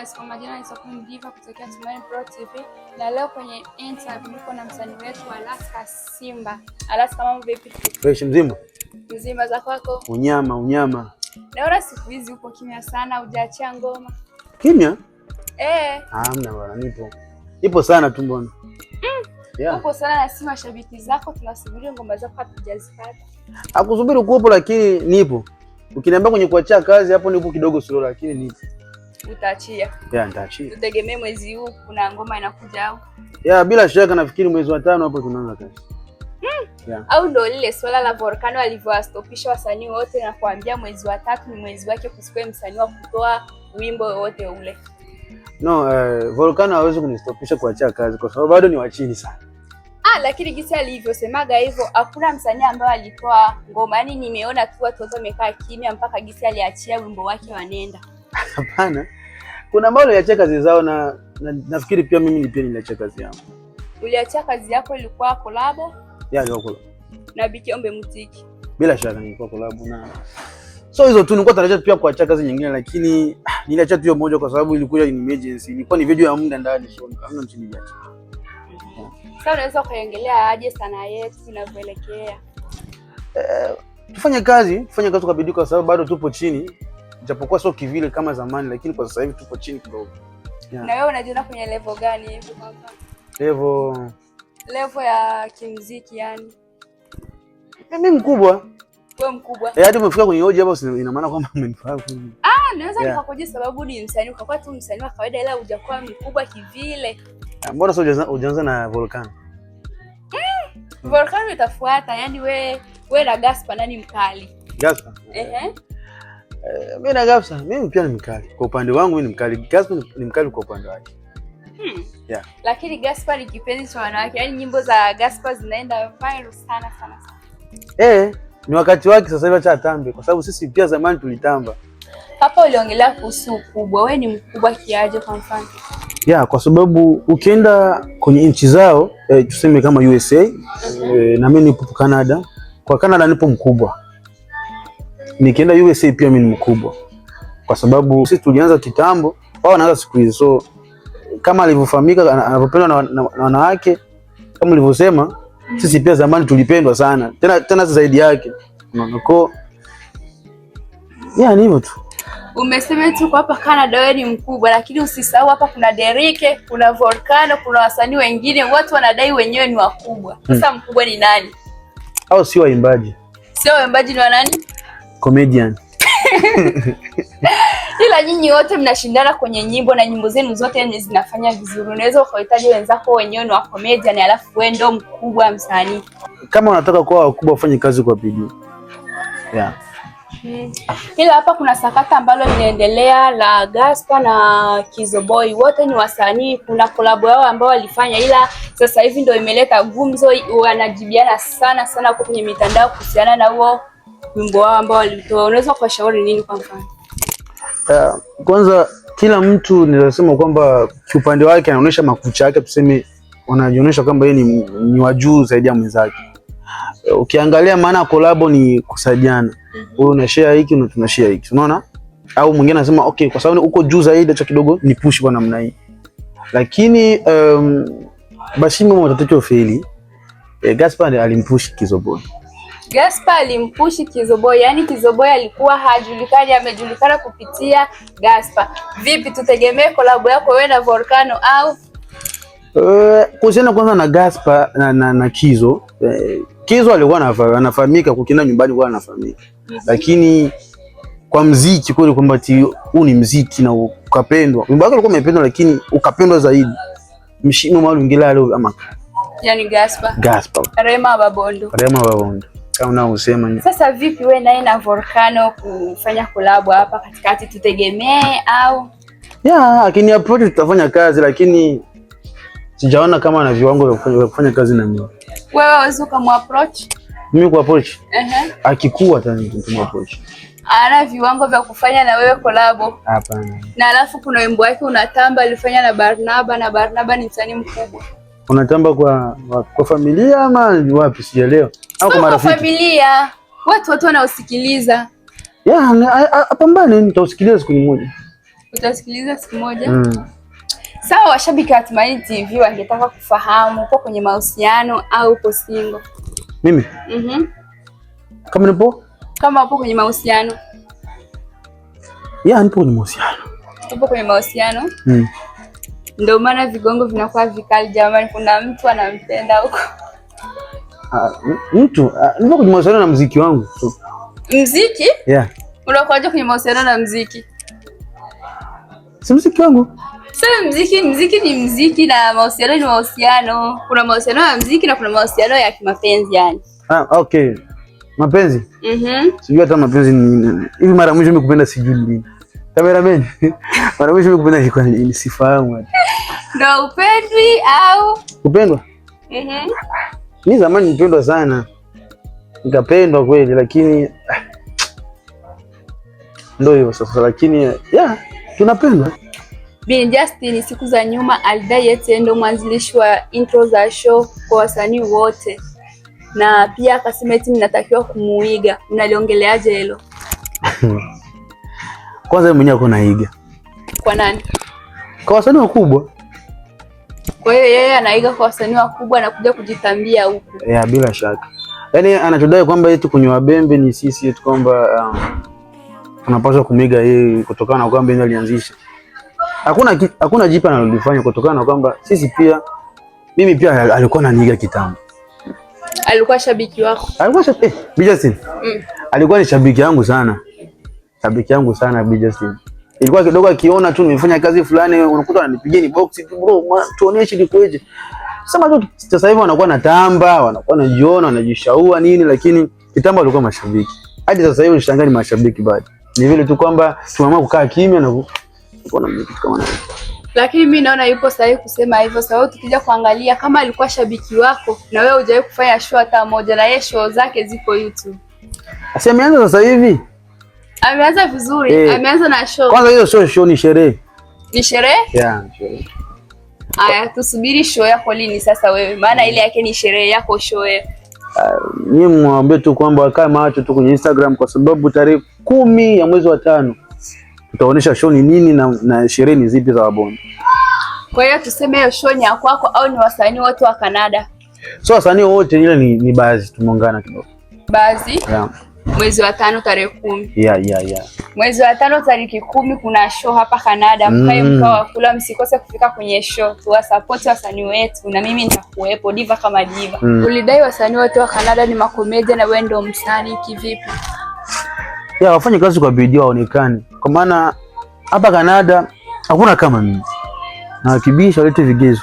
guys, kwa majina ni Sokoni Diva kutokea Tumaini Pro TV, na leo kwenye interview niko na msanii wetu Alaska Simba. Alaska, mambo vipi? Fresh, mzima mzima, za kwako? Unyama unyama. Naona siku hizi uko kimya sana, hujaachia ngoma. Kimya? Eh. Hamna bwana, nipo nipo sana tu mbona. Mm. Yeah. Upo sana na si mashabiki zako, tunasubiri ngoma zako hatujazipata. Hakusubiri kuwepo, lakini nipo. Ukiniambia kwenye kuachia kazi hapo nipo kidogo suluhu, lakini nipo Utaachia. Yeah, nitaachia. Tutegemee mwezi huu kuna ngoma inakuja au? Yeah, bila shaka nafikiri mwezi wa tano hapo tunaanza kazi. Mm. Yeah. Au ndo lile swala la Volcano alivyowastopisha wasanii wote na kuambia mwezi wa tatu ni mwezi wake kusikuwe msanii wa kutoa wimbo wote ule. No, uh, Volcano hawezi kunistopisha kuachia kazi kwa sababu bado ni wa chini sana. Ah, lakini jinsi alivyosemaga hivyo hakuna msanii ambaye alitoa ngoma. Yaani nimeona tu watu wote wamekaa kimya mpaka jinsi aliachia wimbo wake wanenda. Hapana, kuna ambao niliachia kazi zao na, na nafikiri pia mimi pia niliachia kazi yangu. Uliachia kazi yako ilikuwa kolabo? Ya, ilikuwa kolabo. Na Bikiombe Mutiki. Bila shaka nilikuwa kolabo na so hizo tu nilikuwa tarajia pia kuacha kazi nyingine, lakini ah, niliacha tu hiyo moja kwa sababu ilikuwa in emergency, ilikuwa ni video ya muda ndani, so hamna mtu niliacha. Sasa unaweza kuongelea aje sanaa yetu inavyoelekea? Eh, tufanye kazi, tufanye kazi kwa bidii, kwa sababu bado tupo chini japokuwa sio kivile kama zamani, lakini kwa sasa hivi tuko chini kidogo. Yeah. Na wewe unajiona kwenye level gani hivi kaka? Level level ya kimuziki yani. Mimi eh, mkubwa. Wewe mkubwa. Eh, hadi umefika kwenye hoja hapo ina maana kwamba umenifahamu. Ah, naweza yeah, nikakuja sababu ni msanii ukakuwa tu msanii wa kawaida ila hujakuwa mkubwa kivile. Ah, mbona sio ujaanza na Volcano? Mm. Volcano itafuata, yani wewe wewe na Gaspar nani mkali? Gaspar. Ehe. Yeah. Uh -huh. Eh, mimi na Gafsa, mimi pia ni mkali kwa upande wangu, mimi ni mkali. Gafsa ni mkali kwa upande wake. Hmm. Yeah. Lakini Gaspar ni kipenzi cha wanawake. Yaani nyimbo za Gaspar zinaenda viral sana sana sana. Eh, ni wakati wake sasa hivi acha atambe kwa sababu sisi pia zamani tulitamba. Hapa uliongelea kuhusu ukubwa. Wewe ni mkubwa kiaje kwa mfano? Ya, kwa sababu ukienda kwenye nchi zao eh, tuseme kama USA, mm -hmm. eh, na mimi nipo Canada. Kwa Canada nipo mkubwa nikienda USA pia mimi ni mkubwa, kwa sababu sisi tulianza kitambo, wao wanaanza siku hizo. So kama alivyofahamika anapopendwa na wanawake kama ulivyosema, sisi pia zamani tulipendwa sana, tena tena zaidi yake Unaona, ko yani hivyo tu. Umesema tu kwa hapa Canada wewe ni mkubwa, lakini usisahau hapa kuna Derike, kuna Volcano, kuna wasanii wengine, watu wanadai wenyewe ni wakubwa. Hmm. Sasa hmm, mkubwa ni nani? Au sio waimbaji? Sio waimbaji ni wanani? comedian ila nyinyi wote mnashindana kwenye nyimbo na nyimbo zenu zote zinafanya vizuri, unaweza ukahitaji wenzako wenyewe ni wa comedian, alafu wewe ndo mkubwa msanii. Kama unataka kuwa wakubwa, ufanye kazi kwa bidii yeah. Hmm. Ila hapa kuna sakata ambalo linaendelea la Gaspa na Kizoboi, wote ni wasanii. Kuna kolabo yao ambao walifanya, ila sasa hivi ndio imeleta gumzo, wanajibiana sana sana huko kwenye mitandao kuhusiana na huo wimbo wao ambao walitoa, unaweza kuwashauri nini kwa mfano? Uh, kwanza kila mtu nilisema kwamba kiupande wake anaonyesha makucha yake, tuseme wanajionyesha kwamba yeye ni, ni wa juu zaidi ya mwenzake. Ukiangalia maana kolabo ni kusaidiana, wewe una share hiki na tuna share hiki, unaona? Au mwingine anasema okay, kwa sababu uko juu zaidi, cha kidogo ni push kwa namna hii, lakini um, Bashimbo matatizo feli e, eh, Gaspar alimpush Kizobodi Gaspar alimpushi Kizoboi, yaani Kizoboi alikuwa hajulikani, amejulikana kupitia Gaspar. Vipi, tutegemee kolabo yako wewe na Volcano au eh, kuhusiana kwanza na Gaspar na, na, na Kizo eh, Kizo alikuwa anafahamika kukina nyumbani kwa anafahamika yes. Mhm. Lakini kwa mziki kweli kwamba ati huu ni mziki na ukapendwa, wimbo wake ulikuwa umependwa, lakini ukapendwa zaidi mshino maalum ngila leo ama yani Gaspar Gaspar Rema Babondo Rema Babondo unaosema. Sasa vipi wewe naye na Volcano kufanya kolabo hapa katikati, tutegemee au? Yeah, akini approach tutafanya kazi, lakini sijaona kama ana viwango vya kufanya kazi na mimi. Wewe unaweza waweza approach? Mimi kwa approach? Uh-huh. Akikuwa tani approach. Ana viwango vya kufanya na wewe kolabo? Hapana. Na alafu kuna wimbo wake unatamba alifanya na Barnaba na Barnaba ni msanii mkubwa. Unatamba kwa, kwa familia ama wapi sijaelewa au kwa marafiki, familia, watu watu wanaosikiliza. Yeah, apambane, nitausikiliza siku moja. Utasikiliza siku moja? Mm. Sawa, washabiki wa Tumaini TV wangetaka kufahamu uko kwenye mahusiano au uko single? Mimi? Mhm. Mm, kama nipo? Kama upo kwenye mahusiano? Yeah, nipo kwenye mahusiano. Upo kwenye mahusiano? Mm. Ndio maana vigongo vinakuwa vikali jamani, kuna mtu anampenda huko Ah, mtu ah, niko kwenye mahusiano na mziki wangu tu. Mziki? Yeah. Unakuaje kwenye mahusiano na mziki? Si mziki wangu. Sasa mziki, mziki ni mziki na mahusiano ni mahusiano. Kuna mahusiano ya mziki na kuna mahusiano ya kimapenzi yani. Ah, okay. Mapenzi? Mhm. sijui hata mapenzi ni nini. Hivi mara mwisho nimekupenda sijui ni lini. Cameraman. Mara mwisho nimekupenda ilikuwa ni sifahamu hata. Ndio upendwi au? Kupendwa? Mhm. Mi zamani nilipendwa sana, nikapendwa kweli, lakini ah, ndio hivyo sasa, lakini yeah, tunapendwa. Bin Justin siku za nyuma alidai eti ndo mwanzilishi wa intro za show kwa wasanii wote, na pia akasema eti mnatakiwa kumuiga. Unaliongeleaje hilo? Kwanza mwenyewe uko naiga kwa nani? Kwa wasanii wakubwa kwa hiyo yeye anaiga kwa wasanii wakubwa na kuja kujitambia huku. Yeah, bila shaka. Yaani anachodai kwamba eti kunywa bembe ni sisi eti kwamba um, tunapaswa um, kumiga yeye kutokana na kwamba yeye alianzisha. Hakuna hakuna jipa analolifanya kutokana na kwamba sisi pia mimi pia alikuwa ananiiga kitambo. Alikuwa shabiki wako. Alikuwa shabiki. Eh, Bijasin. Mm. Alikuwa ni shabiki yangu sana. Shabiki yangu sana Bijasin ilikuwa kidogo akiona tu nimefanya kazi fulani, unakuta ananipigia ni box tu bro, tuoneshe likoje. Sema tu sasa hivi wanakuwa na tamba, wanakuwa na jiona, wanajishaua nini, lakini kitambo walikuwa mashabiki. Hadi sasa hivi unashangaa ni mashabiki bado. Ni vile tu kwamba tumeamua kukaa kimya na kuona mimi kama na. Lakini mimi naona yupo sahihi kusema hivyo, sababu tukija kuangalia kama alikuwa shabiki wako na wewe hujawahi kufanya show hata moja, na yeye show zake ziko YouTube. Asimeanza sasa hivi Ameanza vizuri. Eh. Ameanza na show. Kwanza hiyo show show ni sherehe. Ni sherehe? Yeah, sherehe. Aya, tusubiri show yako lini sasa wewe? Maana ile yake ni sherehe yako show yako. Uh, ah, ni mwambie tu kwamba wakae macho tu kwenye Instagram kwa sababu tarehe kumi ya mwezi wa tano tutaonyesha show ni nini na, na sherehe ni zipi za Wabondi. Kwa hiyo tuseme hiyo show ni ya kwako au ni wasanii wote wa Kanada? So wasanii wote ile ni, ni baadhi tumeungana kidogo. Baadhi? Yeah mwezi wa tano tarehe kumi. yeah, yeah, yeah. Mwezi wa tano tariki kumi kuna show hapa Kanada, mkae mm. mkao wakula, msikose kufika kwenye show, tuwasapoti wasanii wetu na mimi nitakuwepo, diva kama diva mm. Ulidai wasanii wote wa Kanada ni makomedia na wewe ndio msanii kivipi? ya wafanye kazi kwa bidii waonekane, kwa maana hapa Kanada hakuna kama mimi, na wakibisha walete vigezo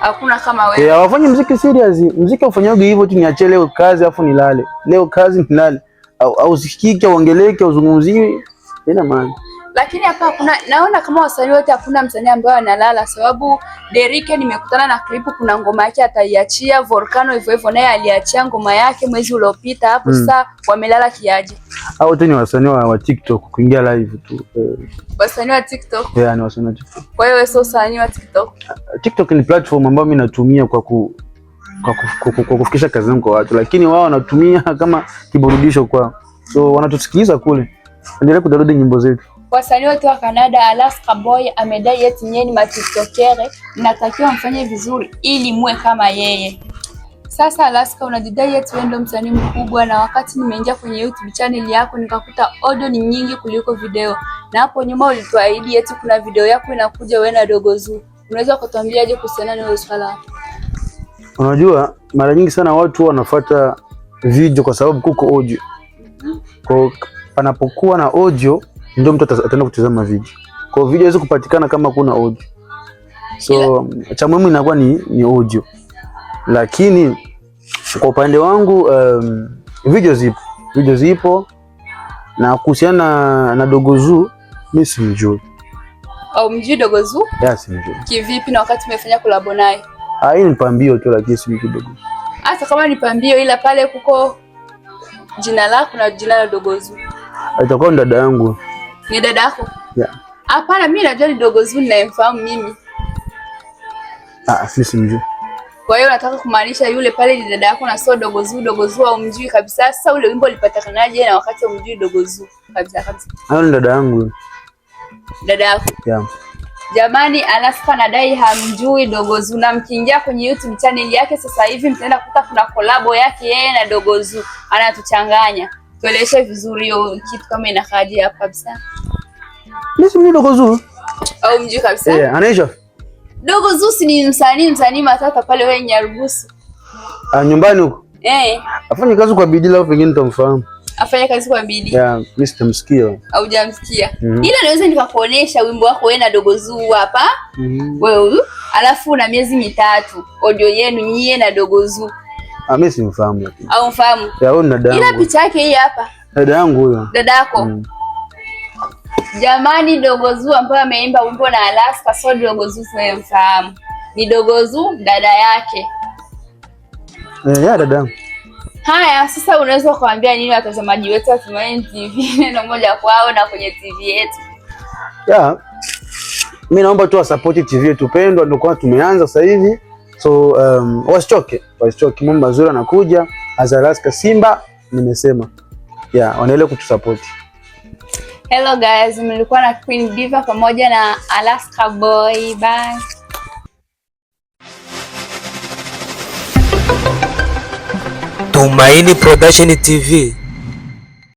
Hakuna kama wewe. Yeah, wafanye muziki serious. Muziki ufanyaje hivyo tu niache leo kazi afu nilale. Leo kazi nilale. Au usikike, uongeleke, uzungumzie. Ina maana lakini hapa hakuna, naona kama wasanii wote hakuna msanii ambaye analala, sababu Derike nimekutana na clip, kuna ngoma yake ataiachia, Volcano hivyo hivyo, naye aliachia ngoma yake mwezi uliopita hapo. Hmm. Sasa wamelala kiaje? Au tu ni wasanii wa TikTok kuingia live tu, eh. wasanii wa TikTok. Yeah, ni wasanii wa TikTok. Kwa hiyo sio wasanii wa TikTok. TikTok ni platform ambayo mimi natumia kwa ku kwa kufikisha kazi zangu kwa watu, lakini wao wanatumia kama kiburudisho kwao, so wanatusikiliza kule, endelea kudownload nyimbo zetu. Wasanii wote wa kanada Alaska Boy amedai eti nyinyi matiktokere mnatakiwa mfanye vizuri ili muwe kama yeye. Sasa Alaska, unajidai eti wewe ndio msanii mkubwa, na wakati nimeingia kwenye YouTube channel yako nikakuta audio ni nyingi kuliko video, na hapo nyuma ulituahidi eti kuna video yako inakuja wewe na Dogo Zuu, Unaweza kutuambiaje kuhusiana na hilo swala? Unajua, mara nyingi sana watu wanafuata video kwa sababu kuko audio. Mhm. Kwa panapokuwa na audio ndio mtu ataenda kutazama video. Kwa video hizo kupatikana kama kuna audio. So yeah. cha muhimu inakuwa ni, ni audio. Lakini kwa upande wangu um, video zipo, video zipo na kuhusiana na Dogo Zuu mimi simjui. Au mjui Dogo Dogozu? Yes, simjui. Kivipi na wakati umefanya collab naye? Ah, hii ni pambio tu lakini simjui Dogozu. Hata kama ni pambio ila pale kuko jina lako na jina la Dogo Zuu. Itakuwa ndada yangu. Ni dada yako? Hapana, Mimi najua ni dogo zuri nayemfahamu mimi. Ah, ah sisi mjui. Kwa hiyo nataka kumaanisha yule pale ni dada yako na sio dogo zuri. Dogo zuri au mjui kabisa. Sasa ule wimbo ulipatikanaje na wakati haumjui dogo zuri kabisa kabisa? Hayo ni dada yangu. Dada yako? Yeah. Jamani, alafu anadai hamjui dogo zuri, na mkiingia kwenye YouTube channel yake sasa hivi mtaenda kukuta kuna kolabo yake yeye na dogo zuri, anatuchanganya. Tueleshe vizuri hiyo kitu kama inakaje hapa kabisa. Mimi simjui Dogo Zuu. Au oh, mjui kabisa? Eh, anaisha. Dogo Zuu si ni msanii msanii matata pale wewe Nyarugusu. Ah, nyumbani huko? Eh. Afanye kazi kwa bidii lao pengine nitamfahamu. Afanye kazi kwa bidii. Yeah, mimi sitamsikia. Au jamsikia. Mm -hmm. Ila naweza nikakuonesha wimbo wako wewe na Dogo Zuu hapa. Mm -hmm. Wewe alafu na miezi mitatu audio yenu nyie na Dogo Zuu. Ah, mimi simfahamu. Au mfahamu? Ya, wewe ni dada Ila picha yake hii hapa. Dada yangu huyo. Dada yako. Mm. Jamani, Dogo Zuu ambaye ameimba wimbo na Alaska, so Dogo Zuu tunayemfahamu, ni Dogo Zuu dada yake. Eh, yeah, dada yangu. Haya, sasa unaweza kuambia nini watazamaji wetu wa Tumaini TV neno moja kwao na kwenye TV yetu? Yeah. Mimi naomba tu wasapoti TV yetu pendwa, ndio kwa tumeanza sasa hivi. So um, wasichoke, wasichoke, mambo mazuri anakuja. Azalaska Simba nimesema. Yeah, wanaelewa kutusapoti. Hello guys, nilikuwa na Queen Diva pamoja na Alaska Boy. Bye. Tumaini Production TV